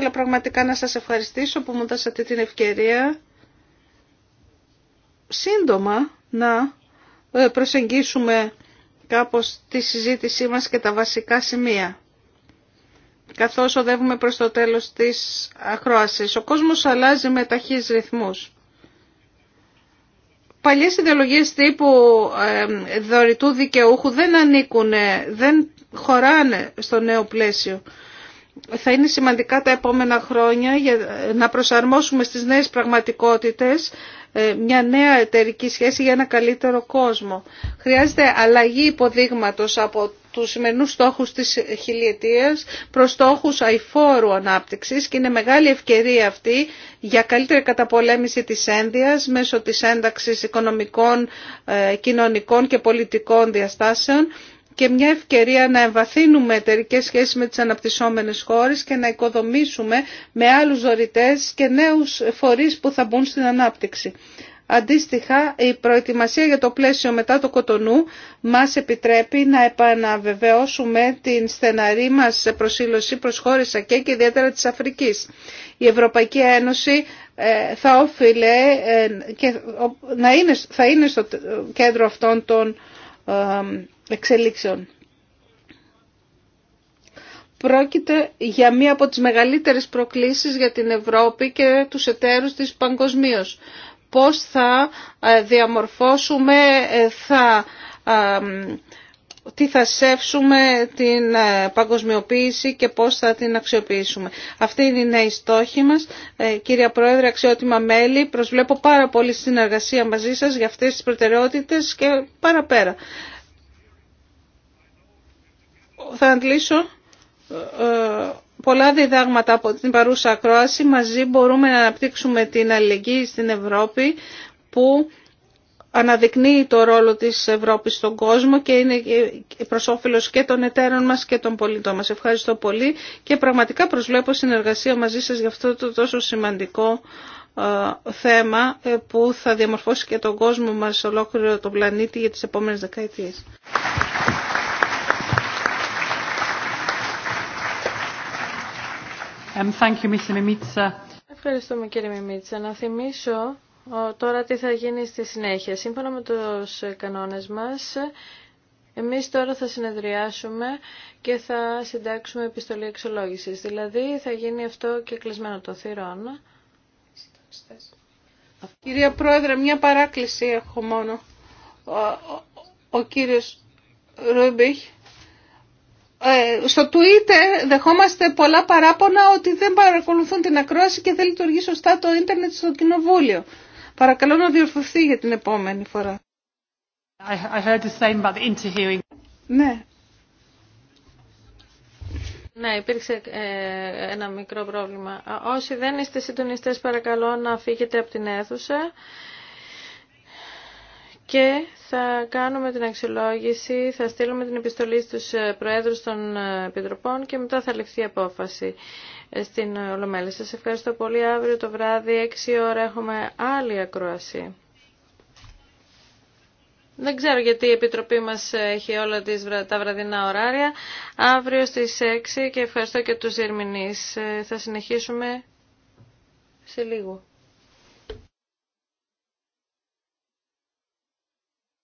Θέλω πραγματικά να σας ευχαριστήσω που μου δώσατε την ευκαιρία σύντομα να ε, προσεγγίσουμε κάπως τη συζήτησή μας και τα βασικά σημεία καθώς οδεύουμε προς το τέλος της ακρόασης. Ο κόσμος αλλάζει με ταχύς ρυθμούς. Παλιές ιδεολογίες τύπου ε, δωρητού δικαιούχου δεν ανήκουν, δεν χωράνε στο νέο πλαίσιο θα είναι σημαντικά τα επόμενα χρόνια για να προσαρμόσουμε στις νέες πραγματικότητες ε, μια νέα εταιρική σχέση για ένα καλύτερο κόσμο. Χρειάζεται αλλαγή υποδείγματος από τους σημερινούς στόχους της χιλιετίας προς στόχους αηφόρου ανάπτυξης και είναι μεγάλη ευκαιρία αυτή για καλύτερη καταπολέμηση της ένδυας μέσω της ένταξης οικονομικών, ε, κοινωνικών και πολιτικών διαστάσεων και μια ευκαιρία να εμβαθύνουμε εταιρικές σχέσεις με τις αναπτυσσόμενες χώρες και να οικοδομήσουμε με άλλους δωρητές και νέους φορείς που θα μπουν στην ανάπτυξη. Αντίστοιχα, η προετοιμασία για το πλαίσιο μετά το κοτονού μας επιτρέπει να επαναβεβαιώσουμε την στεναρή μας προσήλωση προς χώρες ΑΚΕ και ιδιαίτερα της Αφρικής. Η Ευρωπαϊκή Ένωση ε, θα όφιλε ε, είναι, θα είναι στο κέντρο αυτών των ε, εξελίξεων. Πρόκειται για μία από τις μεγαλύτερες προκλήσεις για την Ευρώπη και τους εταίρους της παγκοσμίω. Πώς θα ε, διαμορφώσουμε, ε, θα, ε, τι θα σέψουμε την παγκοσμιοποίηση και πώς θα την αξιοποιήσουμε. Αυτή είναι η νέη στόχη μας. Κυρία Πρόεδρε, αξιότιμα μέλη, προσβλέπω πάρα πολύ συνεργασία μαζί σας για αυτές τις προτεραιότητες και παραπέρα θα αντλήσω ε, ε, πολλά διδάγματα από την παρούσα ακρόαση. Μαζί μπορούμε να αναπτύξουμε την αλληλεγγύη στην Ευρώπη που αναδεικνύει το ρόλο της Ευρώπης στον κόσμο και είναι προ όφελο και των εταίρων μας και των πολιτών μας. Ευχαριστώ πολύ και πραγματικά προσβλέπω συνεργασία μαζί σας για αυτό το τόσο σημαντικό ε, θέμα που θα διαμορφώσει και τον κόσμο μας ολόκληρο τον πλανήτη για τις επόμενες δεκαετίες. Ευχαριστούμε κύριε Μιμίτσα. Να θυμίσω τώρα τι θα γίνει στη συνέχεια. Σύμφωνα με τους κανόνες μας, εμείς τώρα θα συνεδριάσουμε και θα συντάξουμε επιστολή εξολόγησης. Δηλαδή θα γίνει αυτό και κλεισμένο το θύρον. Κυρία Πρόεδρε, μια παράκληση έχω μόνο. Ο, ο κύριος Ρούμπιχ ε, στο Twitter δεχόμαστε πολλά παράπονα ότι δεν παρακολουθούν την ακρόαση και δεν λειτουργεί σωστά το ίντερνετ στο κοινοβούλιο. Παρακαλώ να διορθωθεί για την επόμενη φορά. ναι. Ναι, υπήρξε ε, ένα μικρό πρόβλημα. Όσοι δεν είστε συντονιστές παρακαλώ να φύγετε από την αίθουσα και θα κάνουμε την αξιολόγηση, θα στείλουμε την επιστολή στους ε, Προέδρους των ε, Επιτροπών και μετά θα ληφθεί απόφαση ε, στην Ολομέλη. Σας ευχαριστώ πολύ. Αύριο το βράδυ, 6 ώρα, έχουμε άλλη ακρόαση. Δεν ξέρω γιατί η Επιτροπή μας έχει όλα τις, τα βραδινά ωράρια. Αύριο στις 6 και ευχαριστώ και τους Ιρμηνείς. Θα συνεχίσουμε σε λίγο.